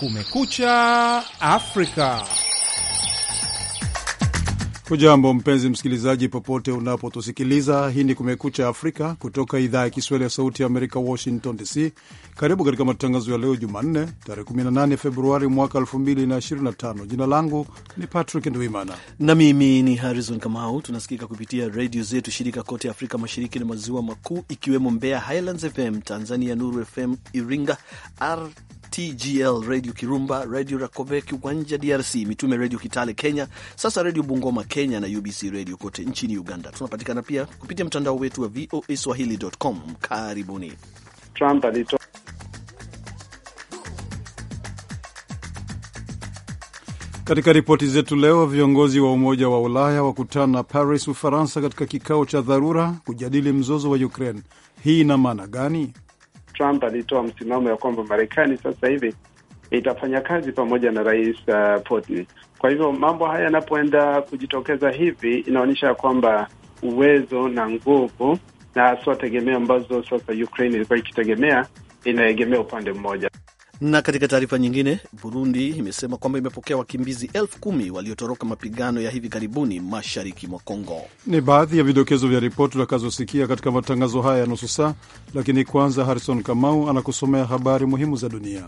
Kumekucha Afrika. Hujambo mpenzi msikilizaji, popote unapotusikiliza. Hii ni Kumekucha Afrika kutoka idhaa ya Kiswahili ya Sauti ya Amerika, Washington DC. Karibu katika matangazo ya leo Jumanne, tarehe 18 Februari mwaka 2025. Jina langu ni Patrick Ndwimana na mimi ni Harrison Kamau. Tunasikika kupitia redio zetu shirika kote Afrika Mashariki na Maziwa Makuu, ikiwemo Mbeya Highlands FM, Tanzania Nuru FM Iringa, TGL Radio Kirumba, Radio Rakove Ugwanja DRC, Mitume Radio Kitale Kenya, Sasa Radio Bungoma Kenya na UBC Radio kote nchini Uganda. Tunapatikana pia kupitia mtandao wetu wa VOA Swahili.com. Karibuni. Trump Katika ripoti zetu leo, viongozi wa Umoja wa Ulaya wakutana Paris, Ufaransa, katika kikao cha dharura kujadili mzozo wa Ukraine. Hii ina maana gani? Trump alitoa msimamo ya kwamba Marekani sasa hivi itafanya kazi pamoja na Rais uh, Putin. Kwa hivyo mambo haya yanapoenda kujitokeza hivi, inaonyesha kwamba uwezo na nguvu na haswa tegemeo ambazo sasa Ukraine ilikuwa ikitegemea inaegemea upande mmoja. Na katika taarifa nyingine, Burundi imesema kwamba imepokea wakimbizi elfu kumi waliotoroka mapigano ya hivi karibuni mashariki mwa Kongo. Ni baadhi ya vidokezo vya ripoti utakazosikia katika matangazo haya ya nusu saa, lakini kwanza, Harrison Kamau anakusomea habari muhimu za dunia.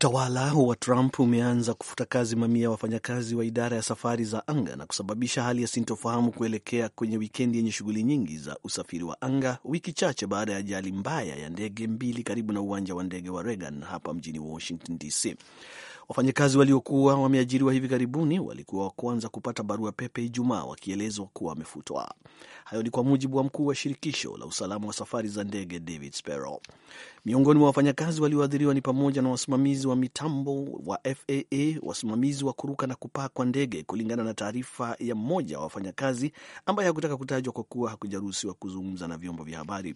Utawala wa Trump umeanza kufuta kazi mamia ya wafanyakazi wa idara ya safari za anga na kusababisha hali ya sintofahamu kuelekea kwenye wikendi yenye shughuli nyingi za usafiri wa anga, wiki chache baada ya ajali mbaya ya ndege mbili karibu na uwanja wa ndege wa Reagan hapa mjini Washington DC. Wafanyakazi waliokuwa wameajiriwa hivi karibuni walikuwa wa kwanza kupata barua pepe Ijumaa wakielezwa kuwa wamefutwa. Hayo ni kwa mujibu wa mkuu wa shirikisho la usalama wa safari za ndege David Sparrow. Miongoni mwa wafanyakazi walioathiriwa ni pamoja na wasimamizi wa mitambo wa FAA, wasimamizi wa kuruka na kupaa kwa ndege, kulingana na taarifa ya mmoja wa wafanyakazi ambaye hakutaka kutajwa kwa kuwa hakujaruhusiwa kuzungumza na vyombo vya habari.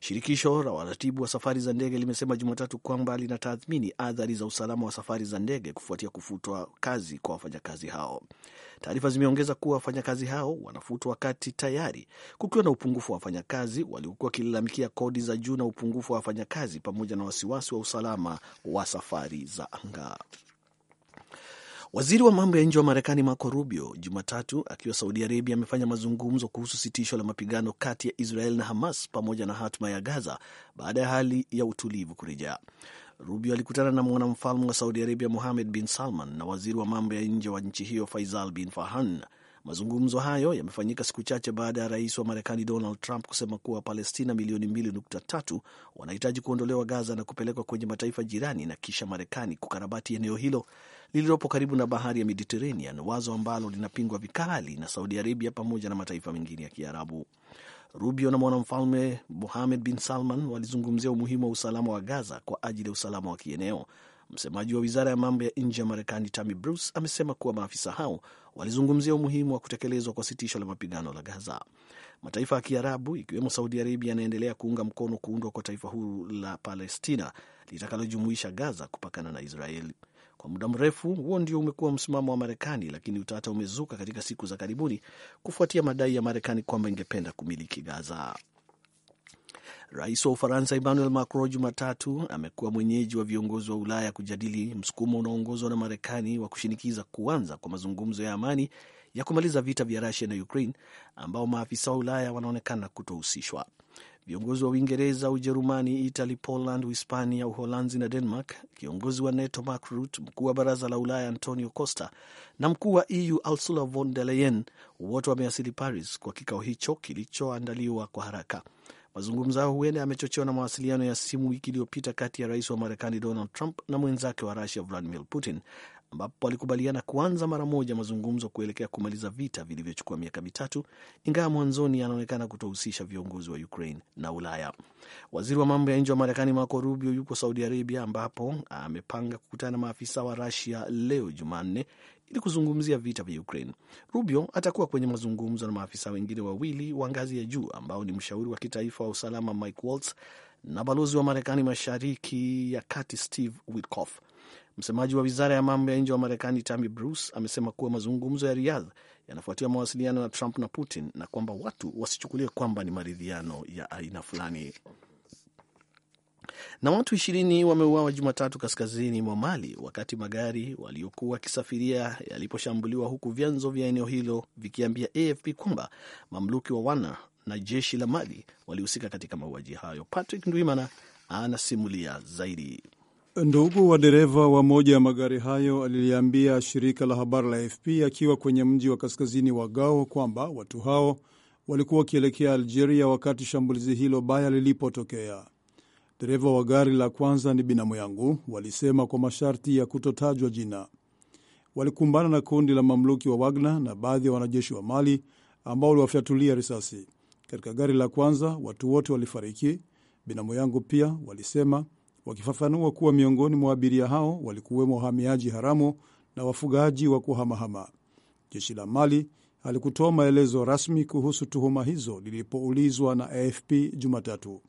Shirikisho la waratibu wa safari za ndege limesema Jumatatu kwamba linatathmini athari za usalama wa safari za ndege kufuatia kufutwa kazi kwa wafanyakazi hao. Taarifa zimeongeza kuwa wafanyakazi hao wanafutwa wakati tayari kukiwa na upungufu wa wafanyakazi waliokuwa wakilalamikia kodi za juu na upungufu wa wafanyakazi pamoja na wasiwasi wa usalama wa safari za anga. Waziri wa mambo ya nje wa Marekani Marco Rubio Jumatatu akiwa Saudi Arabia amefanya mazungumzo kuhusu sitisho la mapigano kati ya Israel na Hamas pamoja na hatima ya Gaza baada ya hali ya utulivu kurejea. Rubio alikutana na mwanamfalme wa Saudi Arabia Mohammed bin Salman na waziri wa mambo ya nje wa nchi hiyo Faisal bin Farhan Mazungumzo hayo yamefanyika siku chache baada ya rais wa Marekani Donald Trump kusema kuwa Wapalestina milioni 2.3 wanahitaji kuondolewa Gaza na kupelekwa kwenye mataifa jirani na kisha Marekani kukarabati eneo hilo lililopo karibu na bahari ya Mediterranean, wazo ambalo linapingwa vikali na Saudi Arabia pamoja na mataifa mengine ya Kiarabu. Rubio na mwanamfalme Mohamed bin Salman walizungumzia umuhimu wa usalama wa Gaza kwa ajili ya usalama wa kieneo. Msemaji wa wizara ya mambo ya nje ya Marekani Tammy Bruce amesema kuwa maafisa hao walizungumzia umuhimu wa kutekelezwa kwa sitisho la mapigano la Gaza. Mataifa ya Kiarabu ikiwemo Saudi Arabia yanaendelea kuunga mkono kuundwa kwa taifa huru la Palestina litakalojumuisha Gaza kupakana na Israeli. Kwa muda mrefu huo ndio umekuwa msimamo wa Marekani, lakini utata umezuka katika siku za karibuni kufuatia madai ya Marekani kwamba ingependa kumiliki Gaza. Rais wa Ufaransa Emmanuel Macron Jumatatu amekuwa mwenyeji wa viongozi wa Ulaya kujadili msukumo unaoongozwa na Marekani wa kushinikiza kuanza kwa mazungumzo ya amani ya kumaliza vita vya Rusia na Ukraine ambao maafisa wa Ulaya wanaonekana kutohusishwa. Viongozi wa Uingereza, Ujerumani, Italy, Poland, Uhispania, Uholanzi na Denmark, kiongozi wa NATO Mark Rutte, mkuu wa baraza la Ulaya Antonio Costa na mkuu wa EU Ursula von der Leyen wote wamewasili Paris kwa kikao hicho kilichoandaliwa kwa haraka. Mazungumzo hayo huenda yamechochewa na mawasiliano ya simu wiki iliyopita kati ya rais wa Marekani Donald Trump na mwenzake wa Rusia Vladimir Putin ambapo walikubaliana kuanza mara moja mazungumzo kuelekea kumaliza vita vilivyochukua miaka mitatu, ingawa mwanzoni anaonekana kutohusisha viongozi wa Ukraine na Ulaya. Waziri wa mambo ya nje wa Marekani Marco Rubio yuko Saudi Arabia, ambapo amepanga kukutana na maafisa wa Rusia leo Jumanne ili kuzungumzia vita vya Ukraine. Rubio atakuwa kwenye mazungumzo na maafisa wengine wawili wa ngazi ya juu ambao ni mshauri wa kitaifa wa usalama Mike Waltz na balozi wa Marekani mashariki ya kati Steve Witkoff. Msemaji wa wizara ya mambo ya nje wa Marekani Tammy Bruce amesema kuwa mazungumzo ya Riyadh yanafuatia mawasiliano ya Trump na Putin na kwamba watu wasichukulie kwamba ni maridhiano ya aina fulani. Na watu ishirini wameuawa Jumatatu kaskazini mwa Mali wakati magari waliokuwa wakisafiria yaliposhambuliwa, huku vyanzo vya eneo hilo vikiambia AFP kwamba mamluki wa wana na jeshi la Mali walihusika katika mauaji hayo. Patrick Ndwimana anasimulia zaidi. Ndugu wa dereva wa moja ya magari hayo aliliambia shirika la habari la AFP akiwa kwenye mji wa kaskazini wa Gao kwamba watu hao walikuwa wakielekea Algeria wakati shambulizi hilo baya lilipotokea. Dereva wa gari la kwanza ni binamu yangu, walisema kwa masharti ya kutotajwa jina. Walikumbana na kundi la mamluki wa Wagner na baadhi ya wanajeshi wa Mali ambao waliwafyatulia risasi. Katika gari la kwanza watu wote walifariki, binamu yangu pia, walisema wakifafanua kuwa miongoni mwa abiria hao walikuwemo wahamiaji haramu na wafugaji wa kuhamahama. Jeshi la Mali halikutoa maelezo rasmi kuhusu tuhuma hizo lilipoulizwa na AFP Jumatatu.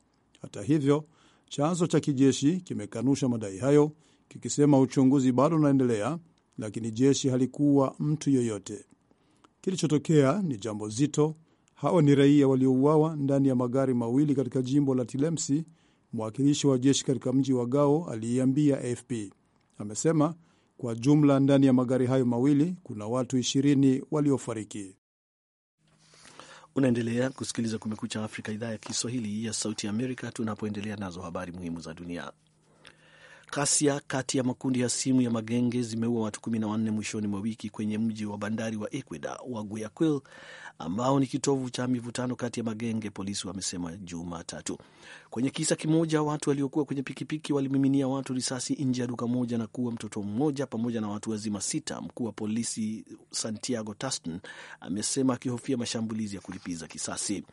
Hata hivyo, chanzo cha kijeshi kimekanusha madai hayo kikisema uchunguzi bado unaendelea, lakini jeshi halikuwa mtu yoyote. Kilichotokea ni jambo zito. Hawa ni raia waliouawa ndani ya magari mawili katika jimbo la Tilemsi Mwakilishi wa jeshi katika mji wa Gao aliiambia AFP amesema kwa jumla ndani ya magari hayo mawili kuna watu ishirini waliofariki. Unaendelea kusikiliza Kumekucha Afrika, idhaa ya Kiswahili ya Sauti ya Amerika, tunapoendelea nazo habari muhimu za dunia. kasia kati ya makundi ya simu ya magenge zimeua watu kumi na wanne mwishoni mwa wiki kwenye mji wa bandari wa Ecuador wa Guayaquil ambao ni kitovu cha mivutano kati ya magenge, polisi wamesema Jumatatu. Kwenye kisa kimoja, watu waliokuwa kwenye pikipiki walimiminia watu risasi nje ya duka moja na kuwa mtoto mmoja pamoja na watu wazima sita. Mkuu wa polisi Santiago Taston amesema akihofia mashambulizi ya kulipiza kisasi.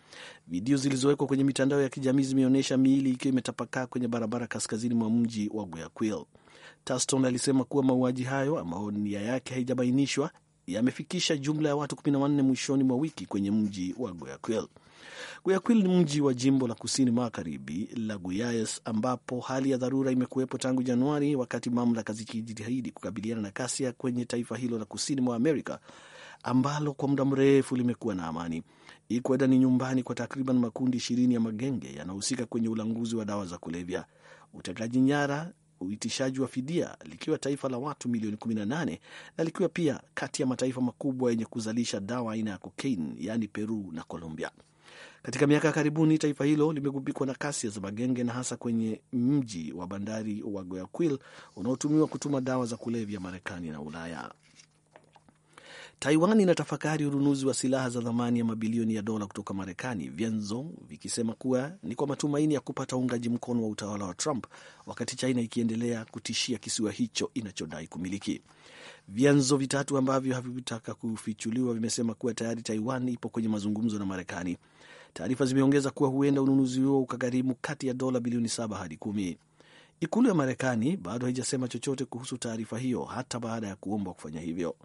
Video zilizowekwa kwenye mitandao ya kijamii zimeonyesha miili ikiwa imetapakaa kwenye barabara kaskazini mwa mji wa Guayaquil. Taston alisema kuwa mauaji hayo ambao nia yake haijabainishwa yamefikisha jumla ya watu 14 mwishoni mwa wiki kwenye mji wa Guayaquil. Guayaquil ni mji wa jimbo la kusini magharibi la Guayas ambapo hali ya dharura imekuwepo tangu Januari, wakati mamlaka zikijitahidi kukabiliana na kasia kwenye taifa hilo la kusini mwa Amerika ambalo kwa muda mrefu limekuwa na amani. Ikweda ni nyumbani kwa takriban makundi ishirini ya magenge yanahusika kwenye ulanguzi wa dawa za kulevya, utekaji nyara uitishaji wa fidia likiwa taifa la watu milioni 18 na likiwa pia kati ya mataifa makubwa yenye kuzalisha dawa aina ya kokaini, yaani Peru na Colombia. Katika miaka ya karibuni taifa hilo limegubikwa na kasi za magenge na hasa kwenye mji wa bandari wa Guayaquil unaotumiwa kutuma dawa za kulevya Marekani na Ulaya. Taiwan inatafakari ununuzi wa silaha za thamani ya mabilioni ya dola kutoka Marekani, vyanzo vikisema kuwa ni kwa matumaini ya kupata uungaji mkono wa utawala wa Trump, wakati China ikiendelea kutishia kisiwa hicho inachodai kumiliki. Vyanzo vitatu ambavyo havitaka kufichuliwa vimesema kuwa tayari Taiwan ipo kwenye mazungumzo na Marekani. Taarifa zimeongeza kuwa huenda ununuzi huo ukagharimu kati ya dola bilioni saba hadi kumi. Ikulu ya Marekani bado haijasema chochote kuhusu taarifa hiyo hata baada ya kuombwa kufanya hivyo.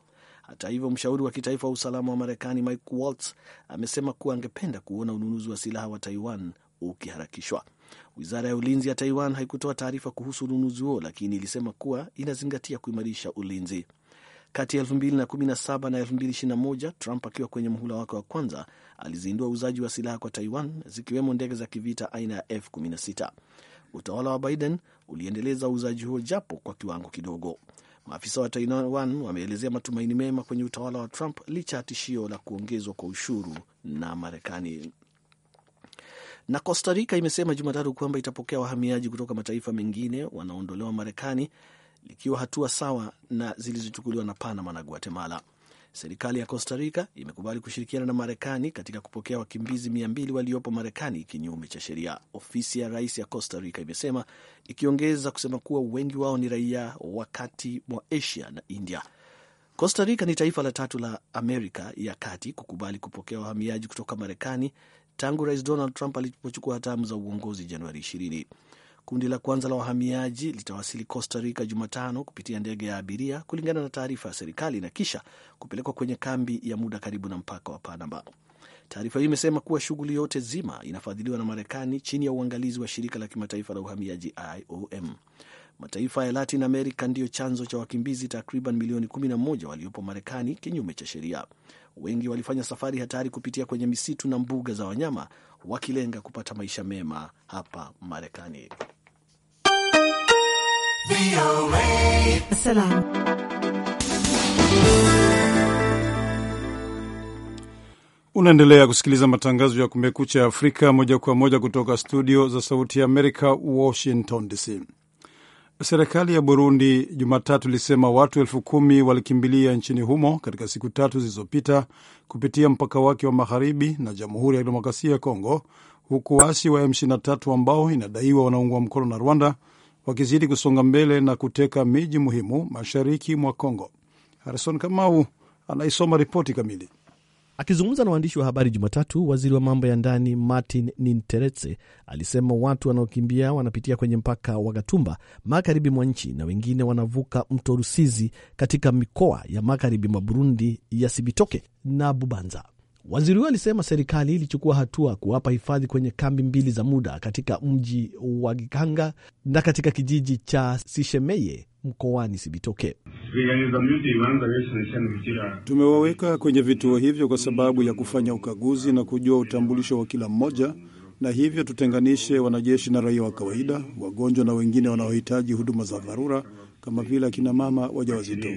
Hata hivyo, mshauri wa kitaifa wa usalama wa Marekani Mike Waltz amesema kuwa angependa kuona ununuzi wa silaha wa Taiwan ukiharakishwa. Wizara ya ulinzi ya Taiwan haikutoa taarifa kuhusu ununuzi huo, lakini ilisema kuwa inazingatia kuimarisha ulinzi. Kati ya 2017 na 2021 Trump akiwa kwenye muhula wake wa kwanza alizindua uuzaji wa silaha kwa Taiwan, zikiwemo ndege za kivita aina ya F16. Utawala wa Biden uliendeleza uuzaji huo japo kwa kiwango kidogo. Maafisa wa Taiwan wameelezea matumaini mema kwenye utawala wa Trump licha ya tishio la kuongezwa kwa ushuru na Marekani. Na Costa Rica imesema Jumatatu kwamba itapokea wahamiaji kutoka mataifa mengine wanaondolewa Marekani, likiwa hatua sawa na zilizochukuliwa na Panama na Guatemala. Serikali ya Costa Rica imekubali kushirikiana na Marekani katika kupokea wakimbizi mia mbili waliopo Marekani kinyume cha sheria, ofisi ya rais ya Costa Rica imesema, ikiongeza kusema kuwa wengi wao ni raia wa kati mwa Asia na India. Costa Rica ni taifa la tatu la Amerika ya kati kukubali kupokea wahamiaji kutoka Marekani tangu Rais Donald Trump alipochukua hatamu za uongozi Januari ishirini. Kundi la kwanza la wahamiaji litawasili Costa Rica Jumatano kupitia ndege ya abiria, kulingana na taarifa ya serikali, na kisha kupelekwa kwenye kambi ya muda karibu na mpaka wa Panama. Taarifa hiyo imesema kuwa shughuli yote zima inafadhiliwa na Marekani chini ya uangalizi wa shirika la kimataifa la uhamiaji IOM. Mataifa ya Latin America ndiyo chanzo cha wakimbizi takriban milioni 11 waliopo Marekani kinyume cha sheria. Wengi walifanya safari hatari kupitia kwenye misitu na mbuga za wanyama wakilenga kupata maisha mema hapa Marekani. Unaendelea kusikiliza matangazo ya Kumekucha Afrika moja kwa moja kutoka studio za Sauti ya Amerika, Washington DC. Serikali ya Burundi Jumatatu ilisema watu elfu kumi walikimbilia nchini humo katika siku tatu zilizopita kupitia mpaka wake wa magharibi na Jamhuri ya Kidemokrasia ya Kongo, huku waasi wa M23 ambao inadaiwa wanaungwa mkono na Rwanda wakizidi kusonga mbele na kuteka miji muhimu mashariki mwa congo Harison Kamau anaisoma ripoti kamili. Akizungumza na waandishi wa habari Jumatatu, waziri wa mambo ya ndani Martin Ninteretse alisema watu wanaokimbia wanapitia kwenye mpaka wa Gatumba magharibi mwa nchi na wengine wanavuka mto Rusizi katika mikoa ya magharibi mwa Burundi ya Sibitoke na Bubanza. Waziri huyo alisema serikali ilichukua hatua kuwapa hifadhi kwenye kambi mbili za muda katika mji wa Gikanga na katika kijiji cha Sishemeye mkoani Sibitoke. Tumewaweka kwenye vituo hivyo kwa sababu ya kufanya ukaguzi na kujua utambulisho wa kila mmoja, na hivyo tutenganishe wanajeshi na raia wa kawaida, wagonjwa na wengine wanaohitaji huduma za dharura kama vile akina mama wajawazito.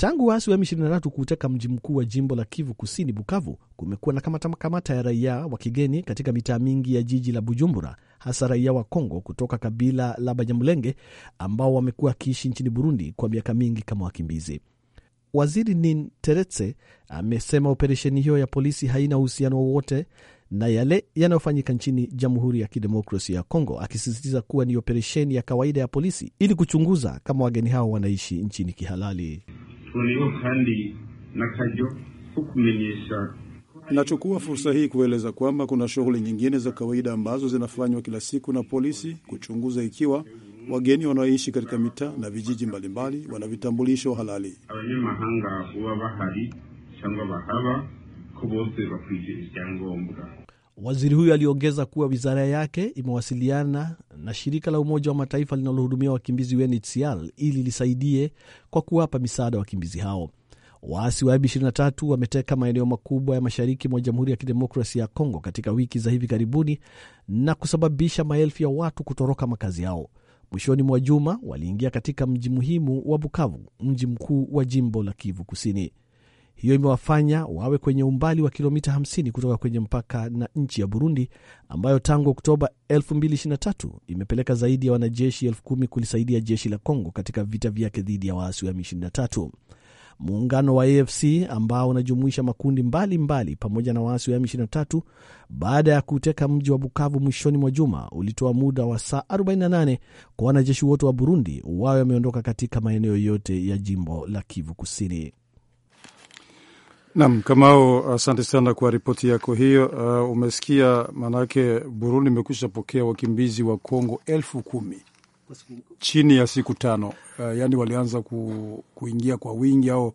Tangu waasi wa M23 kuuteka mji mkuu wa jimbo la Kivu Kusini, Bukavu, kumekuwa na kamata kamata ya raia wa kigeni katika mitaa mingi ya jiji la Bujumbura, hasa raia wa Kongo kutoka kabila la Banyamulenge ambao wamekuwa wakiishi nchini Burundi kwa miaka mingi kama wakimbizi. Waziri Nin Teretse amesema operesheni hiyo ya polisi haina uhusiano wowote na yale yanayofanyika nchini Jamhuri ya Kidemokrasia ya Kongo, akisisitiza kuwa ni operesheni ya kawaida ya polisi ili kuchunguza kama wageni hao wanaishi nchini kihalali tuoneyeho kandi nakajo ko kumenyesha Nachukua fursa hii kueleza kwamba kuna shughuli nyingine za kawaida ambazo zinafanywa kila siku na polisi kuchunguza ikiwa wageni wanaoishi katika mitaa na vijiji mbalimbali wana vitambulisho halali. abanyamahanga huwa bahari cyangwa bahaba ko bakwije icyangombwa Waziri huyo aliongeza kuwa wizara yake imewasiliana na shirika la Umoja wa Mataifa linalohudumia wakimbizi UNHCR ili lisaidie kwa kuwapa misaada wakimbizi hao. Waasi wa M23 wameteka maeneo makubwa ya mashariki mwa Jamhuri ya Kidemokrasia ya Kongo katika wiki za hivi karibuni na kusababisha maelfu ya watu kutoroka makazi yao. Mwishoni mwa juma waliingia katika mji muhimu wa Bukavu, mji mkuu wa jimbo la Kivu Kusini. Hiyo imewafanya wawe kwenye umbali wa kilomita 50 kutoka kwenye mpaka na nchi ya Burundi, ambayo tangu Oktoba 2023 imepeleka zaidi ya wanajeshi elfu kumi kulisaidia jeshi la congo katika vita vyake dhidi ya waasi wa M23. Muungano wa AFC ambao unajumuisha makundi mbalimbali mbali, pamoja na waasi wa M23, baada ya kuteka mji wa Bukavu mwishoni mwa juma, ulitoa muda wa saa 48 kwa wanajeshi wote wa Burundi wawe wameondoka katika maeneo yote ya jimbo la Kivu Kusini kama Kamao, asante sana kwa ripoti yako hiyo. Uh, umesikia, maanake Burundi imekwisha pokea wakimbizi wa Kongo elfu kumi chini ya siku tano. Uh, yaani walianza ku, kuingia kwa wingi au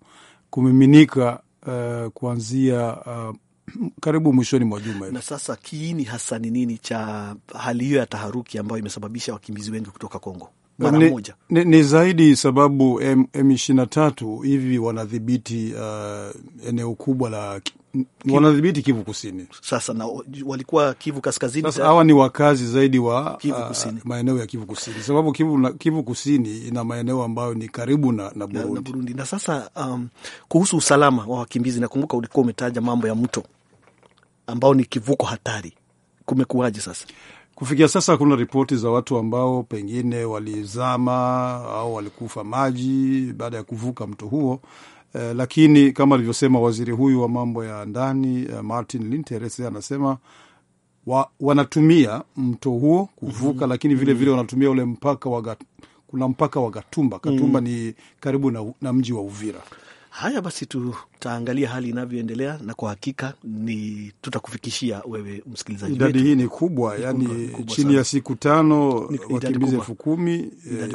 kumiminika uh, kuanzia uh, karibu mwishoni mwa juma. Na sasa kiini hasa ni nini cha hali hiyo ya taharuki ambayo imesababisha wakimbizi wengi kutoka Kongo? mara moja. Ni, ni zaidi sababu M23 hivi wanadhibiti uh, eneo kubwa la wanadhibiti Kivu Kusini sasa na walikuwa Kivu Kaskazini. Sasa hawa ni wakazi zaidi wa uh, maeneo ya Kivu Kusini, sababu Kivu, na, Kivu Kusini ina maeneo ambayo ni karibu na, na, Burundi. Na, na Burundi na sasa um, kuhusu usalama wa wakimbizi nakumbuka ulikuwa umetaja mambo ya mto ambao ni kivuko hatari, kumekuwaje sasa? Kufikia sasa kuna ripoti za watu ambao pengine walizama au walikufa maji baada ya kuvuka mto huo. Eh, lakini kama alivyosema waziri huyu wa mambo ya ndani eh, Martin Linteres anasema wa, wanatumia mto huo kuvuka mm -hmm. Lakini vilevile mhm. vile wanatumia ule mpaka wa, kuna mpaka wa Gatumba. katumba mm -hmm. ni karibu na, na mji wa Uvira. Haya basi, tutaangalia hali inavyoendelea, na kwa hakika ni tutakufikishia wewe msikilizaji wetu. Idadi hii ni kubwa, yani chini ya siku tano wakimbizi elfu kumi eh,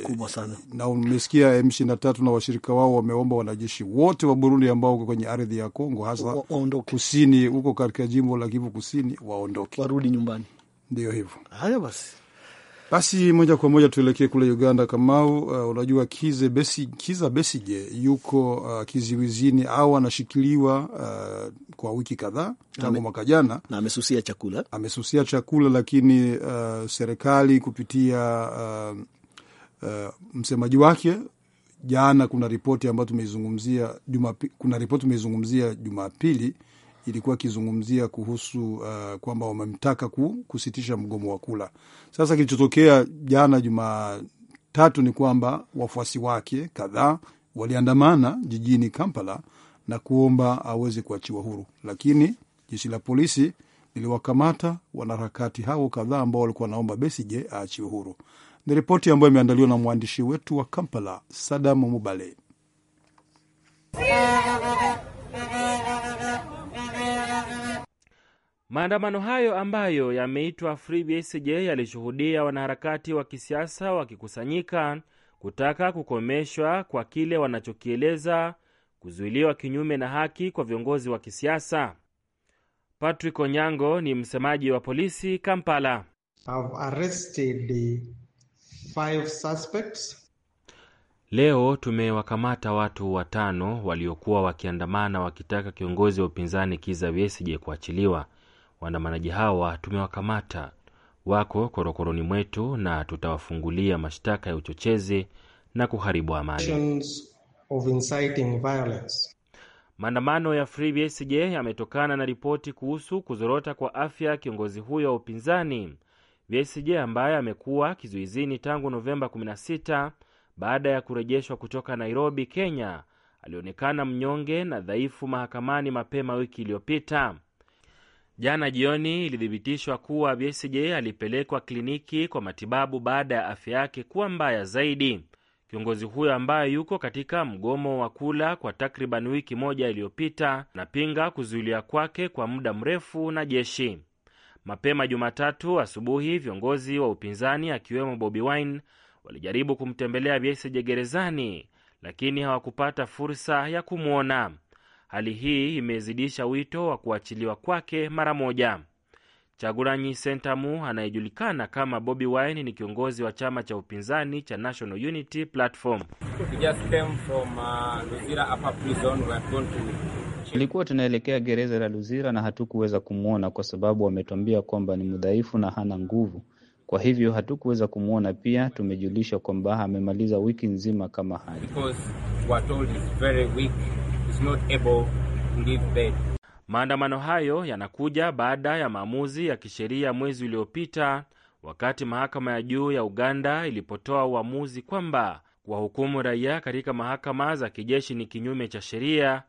na umesikia M23 na washirika wao wameomba wanajeshi wote wa Burundi ambao uko kwenye ardhi ya Kongo hasa wa, kusini huko katika jimbo la Kivu Kusini, waondoke warudi nyumbani. Ndio hivyo. Haya basi. Basi moja kwa moja tuelekee kule Uganda. Kamau, uh, unajua Kize Besi, Kiza Besije yuko uh, kiziwizini au anashikiliwa uh, kwa wiki kadhaa tangu mwaka jana, na amesusia chakula, amesusia chakula, lakini uh, serikali kupitia uh, uh, msemaji wake jana, kuna ripoti ambayo tumeizungumzia kuna ripoti tumeizungumzia Jumapili ilikuwa ikizungumzia kuhusu uh, kwamba wamemtaka kusitisha mgomo wa kula. Sasa kilichotokea jana Jumatatu ni kwamba wafuasi wake kadhaa waliandamana jijini Kampala na kuomba aweze kuachiwa huru, lakini jeshi la polisi liliwakamata wanaharakati hao kadhaa ambao walikuwa wanaomba Besigye aachiwe huru. Ni ripoti ambayo imeandaliwa na mwandishi wetu wa Kampala, Sadamu Mubale. Maandamano hayo ambayo yameitwa Free yalishuhudia wanaharakati wa kisiasa wakikusanyika kutaka kukomeshwa kwa kile wanachokieleza kuzuiliwa kinyume na haki kwa viongozi wa kisiasa. Patrick Onyango ni msemaji wa polisi Kampala. Five suspects. Leo tumewakamata watu watano waliokuwa wakiandamana wakitaka kiongozi wa upinzani Kiza Besigye kuachiliwa. Waandamanaji hawa tumewakamata, wako korokoroni mwetu na tutawafungulia mashtaka ya uchochezi na kuharibu amani. Maandamano ya Free yametokana na ripoti kuhusu kuzorota kwa afya kiongozi huyo wa upinzani BSJ ambaye amekuwa kizuizini tangu Novemba 16 baada ya kurejeshwa kutoka Nairobi, Kenya. Alionekana mnyonge na dhaifu mahakamani mapema wiki iliyopita. Jana jioni ilithibitishwa kuwa Besigye alipelekwa kliniki kwa matibabu baada ya afya yake kuwa mbaya zaidi. Kiongozi huyo ambaye yuko katika mgomo wa kula kwa takriban wiki moja iliyopita anapinga kuzuiliwa kwake kwa muda mrefu na jeshi. Mapema Jumatatu asubuhi, viongozi wa upinzani akiwemo Bobi Wine walijaribu kumtembelea Besigye gerezani, lakini hawakupata fursa ya kumwona. Hali hii imezidisha wito wa kuachiliwa kwake mara moja. chaguranyi Sentamu anayejulikana kama Bobi Wine ni kiongozi wa chama cha upinzani cha National Unity Platform. Uh, Tulikuwa tunaelekea gereza la Luzira na hatukuweza kumwona kwa sababu wametuambia kwamba ni mdhaifu na hana nguvu, kwa hivyo hatukuweza kumwona. Pia tumejulishwa kwamba amemaliza wiki nzima kama hali is not able to leave bed. Maandamano hayo yanakuja baada ya maamuzi ya kisheria mwezi uliopita wakati mahakama ya juu ya Uganda ilipotoa uamuzi kwamba kuwahukumu raia katika mahakama za kijeshi ni kinyume cha sheria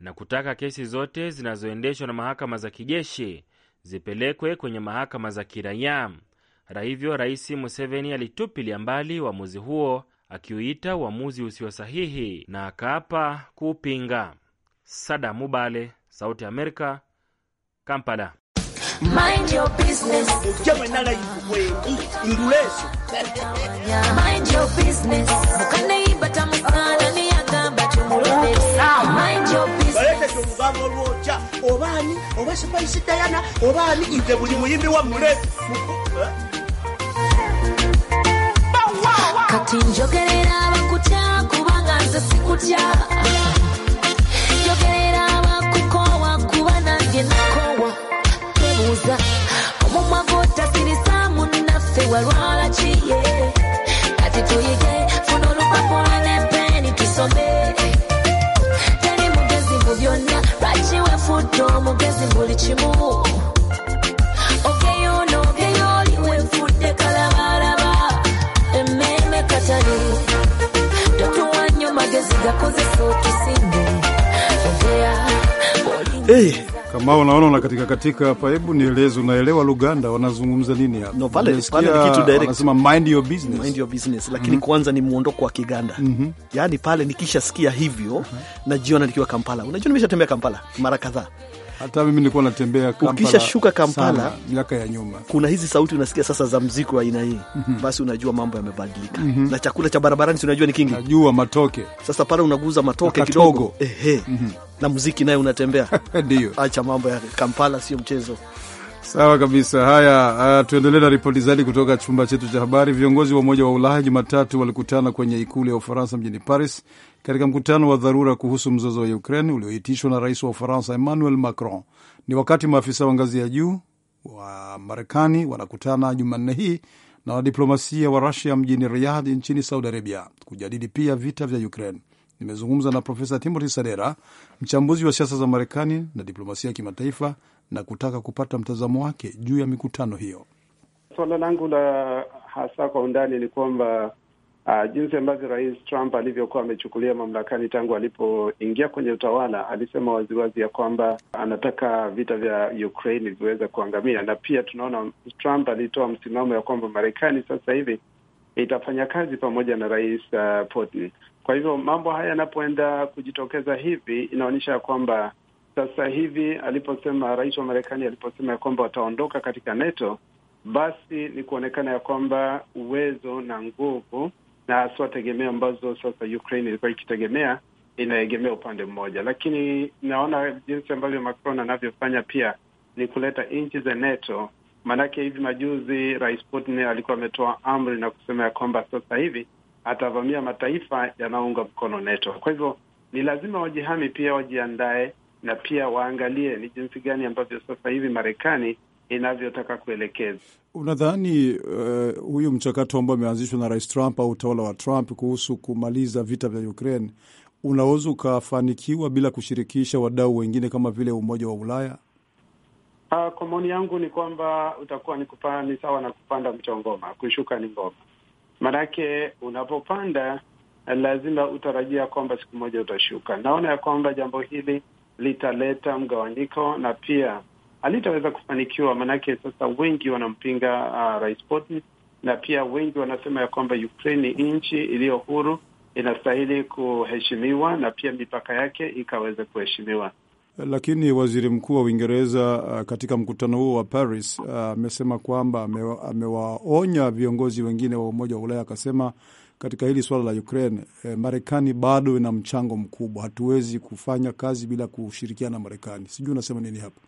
na kutaka kesi zote zinazoendeshwa na mahakama za kijeshi zipelekwe kwenye mahakama za kiraia. Hata hivyo, Rais Museveni alitupilia mbali uamuzi huo akiuita uamuzi usio sahihi na akaapa kuupinga. Sada Mubale, Sauti ya Amerika, Kampala. Mind your business. wa kati njogerera abakutya kubanga nze sikutya njogerera abakukoowa kuba nange nakoowa tebuuza omumwa gwotasirisa munnaffe walwala kiye kati tuyige funa olupapula n'empeni tusome teri mugezi mu byonna lwaki wefudde omugezi buli kimu Hey, kama unaona unakatika katika hapa, hebu nieleze, unaelewa Luganda wanazungumza nini hapa? No, pale pale ni kitu direct. Wanasema mind your business. Mind your business, lakini mm -hmm. Kwanza ni muondoko wa Kiganda. Mm -hmm. Yaani pale nikishasikia hivyo mm -hmm. najiona nikiwa Kampala. Unajua nimeshatembea Kampala mara kadhaa. Hata mimi nilikuwa natembea Kampala. Ukishashuka Kampala miaka ya nyuma, kuna hizi sauti unasikia sasa za mziki wa aina hii mm -hmm. Basi unajua mambo yamebadilika mm -hmm. Na chakula cha barabarani si unajua ni kingi, najua matoke. Sasa pale unaguza matoke kidogo, ehe, mm -hmm. Na muziki naye unatembea ndio. Acha mambo ya Kampala, sio mchezo. Sawa kabisa. Haya, uh, tuendelee na ripoti zaidi kutoka chumba chetu cha habari. Viongozi wa Umoja wa Ulaya Jumatatu walikutana kwenye ikulu ya Ufaransa mjini Paris katika mkutano wa dharura kuhusu mzozo wa Ukraine ulioitishwa na rais wa Ufaransa Emmanuel Macron. Ni wakati maafisa wa ngazi ya juu wa Marekani wanakutana Jumanne hii na wadiplomasia wa Rusia mjini Riyadh nchini Saudi Arabia kujadili pia vita vya Ukraine. Nimezungumza na Profesa Timothy Sadera, mchambuzi wa siasa za Marekani na diplomasia ya kimataifa na kutaka kupata mtazamo wake juu ya mikutano hiyo. Suala langu la hasa kwa undani ni kwamba uh, jinsi ambavyo Rais Trump alivyokuwa amechukulia mamlakani tangu alipoingia kwenye utawala, alisema waziwazi ya kwamba anataka vita vya Ukraine viweze kuangamia, na pia tunaona Trump alitoa msimamo ya kwamba Marekani sasa hivi itafanya kazi pamoja na Rais uh, Putin. Kwa hivyo mambo haya yanapoenda kujitokeza hivi, inaonyesha ya kwamba sasa hivi aliposema rais wa Marekani aliposema ya kwamba wataondoka katika NATO, basi ni kuonekana ya kwamba uwezo na nguvu na haswa tegemeo ambazo sasa Ukraine ilikuwa ikitegemea inaegemea upande mmoja, lakini naona jinsi ambavyo Macron anavyofanya pia ni kuleta nchi za NATO. Maanake hivi majuzi Rais Putin alikuwa ametoa amri na kusema ya kwamba sasa hivi atavamia mataifa yanaounga mkono NATO. Kwa hivyo ni lazima wajihami pia, wajiandae na pia waangalie ni jinsi gani ambavyo sasa hivi Marekani inavyotaka kuelekeza. Unadhani uh, huyu mchakato ambao umeanzishwa na Rais Trump au utawala wa Trump kuhusu kumaliza vita vya Ukraine unaweza ukafanikiwa bila kushirikisha wadau wengine kama vile Umoja wa Ulaya? Uh, kwa maoni yangu ni kwamba utakuwa ni kupa, ni sawa na kupanda mchongoma, kushuka ni ngoma. Maanake unapopanda lazima utarajia kwamba siku moja utashuka. Naona ya kwamba jambo hili litaleta mgawanyiko na pia halitaweza kufanikiwa, maanake sasa wengi wanampinga uh, Rais Putin na pia wengi wanasema ya kwamba Ukraine ni nchi iliyo huru, inastahili kuheshimiwa na pia mipaka yake ikaweze kuheshimiwa. Lakini waziri mkuu wa Uingereza uh, katika mkutano huo wa Paris uh, amesema uh, kwamba amewaonya viongozi wengine wa Umoja wa Ulaya akasema katika hili swala la Ukraine, eh, Marekani bado ina mchango mkubwa. Hatuwezi kufanya kazi bila kushirikiana na Marekani. Sijui unasema nini hapa?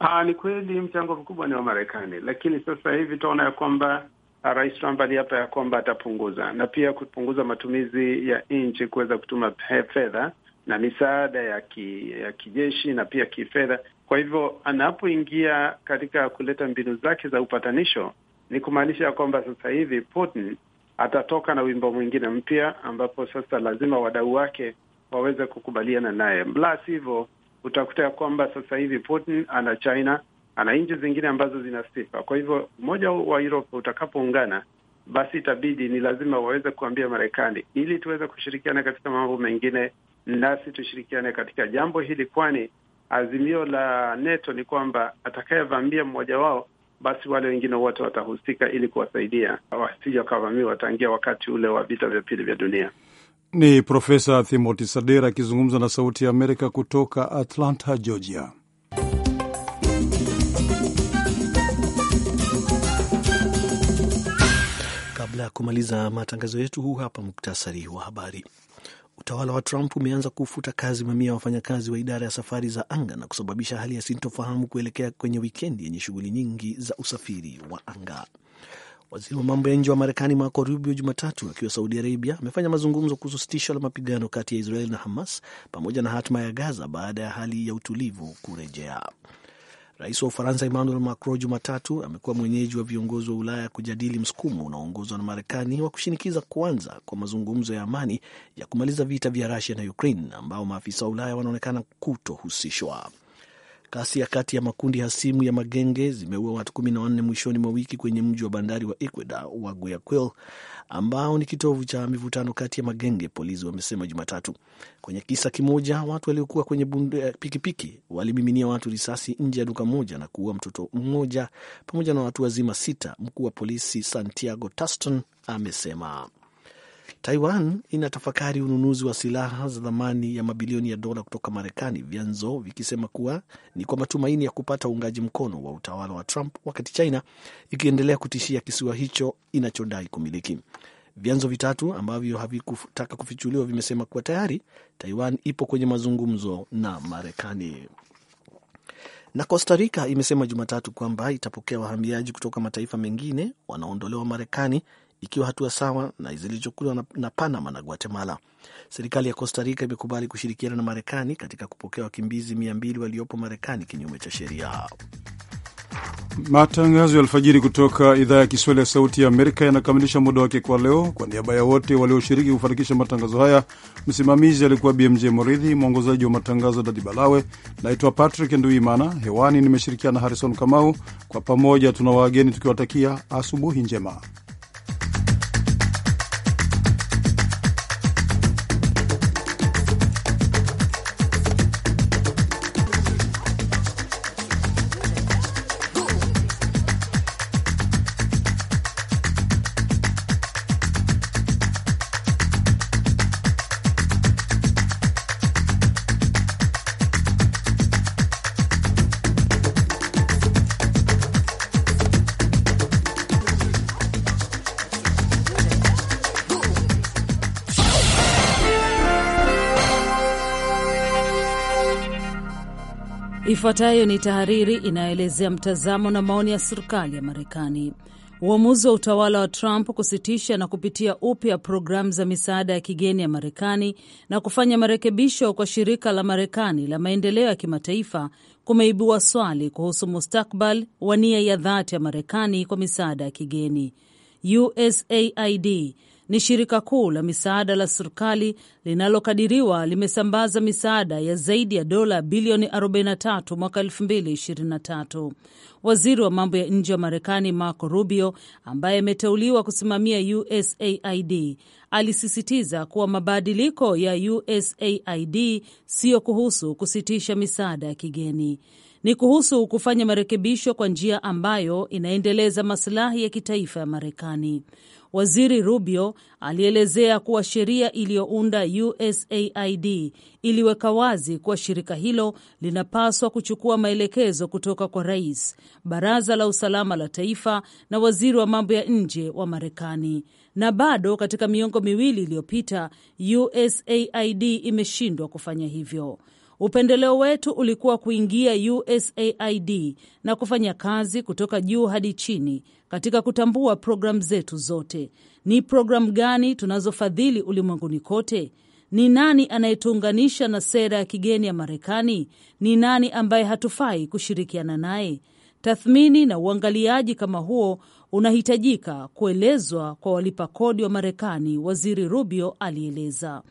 Aa, ah, ni kweli mchango mkubwa ni wa Marekani, lakini sasa hivi tunaona ya kwamba ah, Rais Trump aliapa ya kwamba atapunguza na pia kupunguza matumizi ya nchi kuweza kutuma fedha na misaada ya, ki, ya kijeshi na pia kifedha. Kwa hivyo anapoingia katika kuleta mbinu zake za upatanisho, ni kumaanisha ya kwamba sasa hivi Putin atatoka na wimbo mwingine mpya, ambapo sasa lazima wadau wake waweze kukubaliana naye. La sivyo, utakuta ya kwamba sasa hivi Putin ana China, ana nchi zingine ambazo zina sifa. Kwa hivyo umoja wa Uropa utakapoungana, basi itabidi ni lazima waweze kuambia Marekani, ili tuweze kushirikiana katika mambo mengine, nasi tushirikiane katika jambo hili, kwani azimio la NATO ni kwamba atakayevamia mmoja wao basi wale wengine wote watahusika ili kuwasaidia wasije wakavamiwa wataingia wakati ule wa vita vya pili vya dunia. Ni Profesa Timothy Sadera akizungumza na Sauti ya Amerika kutoka Atlanta, Georgia. Kabla ya kumaliza matangazo yetu, huu hapa muktasari wa habari. Utawala wa Trump umeanza kufuta kazi mamia ya wafanyakazi wa idara ya safari za anga na kusababisha hali ya sintofahamu kuelekea kwenye wikendi yenye shughuli nyingi za usafiri wa anga. Waziri wa mambo ya nje wa Marekani Marco Rubio Jumatatu akiwa Saudi Arabia amefanya mazungumzo kuhusu sitisho la mapigano kati ya Israel na Hamas pamoja na hatima ya Gaza baada ya hali ya utulivu kurejea. Rais wa Ufaransa Emmanuel Macron Jumatatu amekuwa mwenyeji wa viongozi wa Ulaya kujadili msukumo unaoongozwa na Marekani wa kushinikiza kuanza kwa mazungumzo ya amani ya kumaliza vita vya Rusia na Ukraine ambao maafisa wa Ulaya wanaonekana kutohusishwa. kasi ya kati ya makundi hasimu ya magenge zimeua watu wanne mwishoni mwa wiki kwenye mji wa bandari wa Ecuador wa Guayaquil ambao ni kitovu cha mivutano kati ya magenge, polisi wamesema Jumatatu. Kwenye kisa kimoja, watu waliokuwa kwenye eh, pikipiki walimiminia watu risasi nje ya duka moja na kuua mtoto mmoja pamoja na watu wazima sita, mkuu wa polisi Santiago Taston amesema. Taiwan inatafakari ununuzi wa silaha za thamani ya mabilioni ya dola kutoka Marekani, vyanzo vikisema kuwa ni kwa matumaini ya kupata uungaji mkono wa utawala wa Trump, wakati China ikiendelea kutishia kisiwa hicho inachodai kumiliki. Vyanzo vitatu ambavyo havikutaka kufichuliwa vimesema kuwa tayari Taiwan ipo kwenye mazungumzo na Marekani. Na Costa Rica imesema Jumatatu kwamba itapokea wahamiaji kutoka mataifa mengine wanaoondolewa Marekani, ikiwa hatua sawa na zilizochukuliwa na, Panama na Guatemala. Serikali ya Costa Rica imekubali kushirikiana na Marekani katika kupokea wakimbizi mia mbili waliopo Marekani kinyume cha sheria. Matangazo ya alfajiri kutoka idhaa ya Kiswahili ya Sauti ya Amerika yanakamilisha muda wake kwa leo. Kwa niaba ya wote walioshiriki kufanikisha matangazo haya, msimamizi alikuwa BMJ Moridhi, mwongozaji wa matangazo Dadi Balawe. Naitwa Patrick Nduimana, hewani nimeshirikiana Harrison Kamau. Kwa pamoja tuna wageni tukiwatakia asubuhi njema. Ifuatayo ni tahariri inayoelezea mtazamo na maoni ya serikali ya Marekani. Uamuzi wa utawala wa Trump kusitisha na kupitia upya programu za misaada ya kigeni ya Marekani na kufanya marekebisho kwa shirika la Marekani la maendeleo ya kimataifa kumeibua swali kuhusu mustakbal wa nia ya dhati ya Marekani kwa misaada ya kigeni. USAID ni shirika kuu la misaada la serikali linalokadiriwa limesambaza misaada ya zaidi ya dola bilioni 43 mwaka 2023. Waziri wa mambo ya nje wa Marekani Marco Rubio, ambaye ameteuliwa kusimamia USAID, alisisitiza kuwa mabadiliko ya USAID siyo kuhusu kusitisha misaada ya kigeni ni kuhusu kufanya marekebisho kwa njia ambayo inaendeleza masilahi ya kitaifa ya Marekani. Waziri Rubio alielezea kuwa sheria iliyounda USAID iliweka wazi kuwa shirika hilo linapaswa kuchukua maelekezo kutoka kwa rais, baraza la usalama la taifa na waziri wa mambo ya nje wa Marekani. Na bado katika miongo miwili iliyopita USAID imeshindwa kufanya hivyo. Upendeleo wetu ulikuwa kuingia USAID na kufanya kazi kutoka juu hadi chini katika kutambua programu zetu zote. Ni programu gani tunazofadhili ulimwenguni kote? Ni nani anayetuunganisha na sera ya kigeni ya Marekani? Ni nani ambaye hatufai kushirikiana naye? Tathmini na uangaliaji kama huo unahitajika kuelezwa kwa walipa kodi wa Marekani, Waziri Rubio alieleza.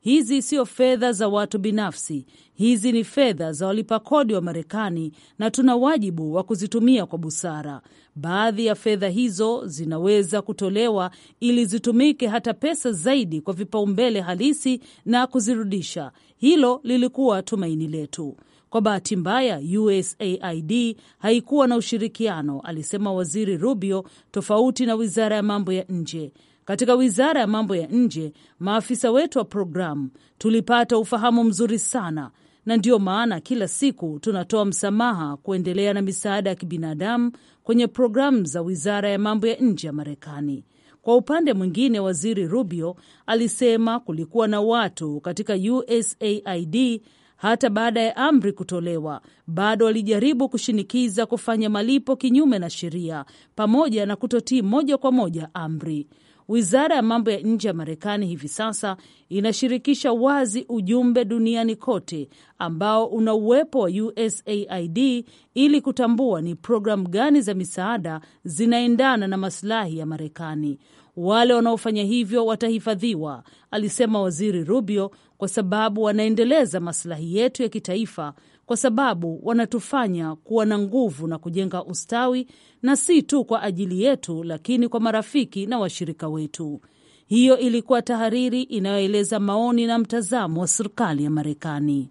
Hizi sio fedha za watu binafsi, hizi ni fedha za walipa kodi wa Marekani na tuna wajibu wa kuzitumia kwa busara. Baadhi ya fedha hizo zinaweza kutolewa ili zitumike hata pesa zaidi kwa vipaumbele halisi na kuzirudisha. Hilo lilikuwa tumaini letu. Kwa bahati mbaya, USAID haikuwa na ushirikiano, alisema Waziri Rubio, tofauti na wizara ya mambo ya nje. Katika wizara ya mambo ya nje, maafisa wetu wa programu tulipata ufahamu mzuri sana, na ndiyo maana kila siku tunatoa msamaha kuendelea na misaada ya kibinadamu kwenye programu za wizara ya mambo ya nje ya Marekani. Kwa upande mwingine, waziri Rubio alisema kulikuwa na watu katika USAID hata baada ya amri kutolewa bado walijaribu kushinikiza kufanya malipo kinyume na sheria pamoja na kutotii moja kwa moja amri. Wizara ya mambo ya nje ya Marekani hivi sasa inashirikisha wazi ujumbe duniani kote ambao una uwepo wa USAID ili kutambua ni programu gani za misaada zinaendana na masilahi ya Marekani. Wale wanaofanya hivyo watahifadhiwa, alisema Waziri Rubio, kwa sababu wanaendeleza masilahi yetu ya kitaifa kwa sababu wanatufanya kuwa na nguvu na kujenga ustawi, na si tu kwa ajili yetu, lakini kwa marafiki na washirika wetu. Hiyo ilikuwa tahariri inayoeleza maoni na mtazamo wa serikali ya Marekani.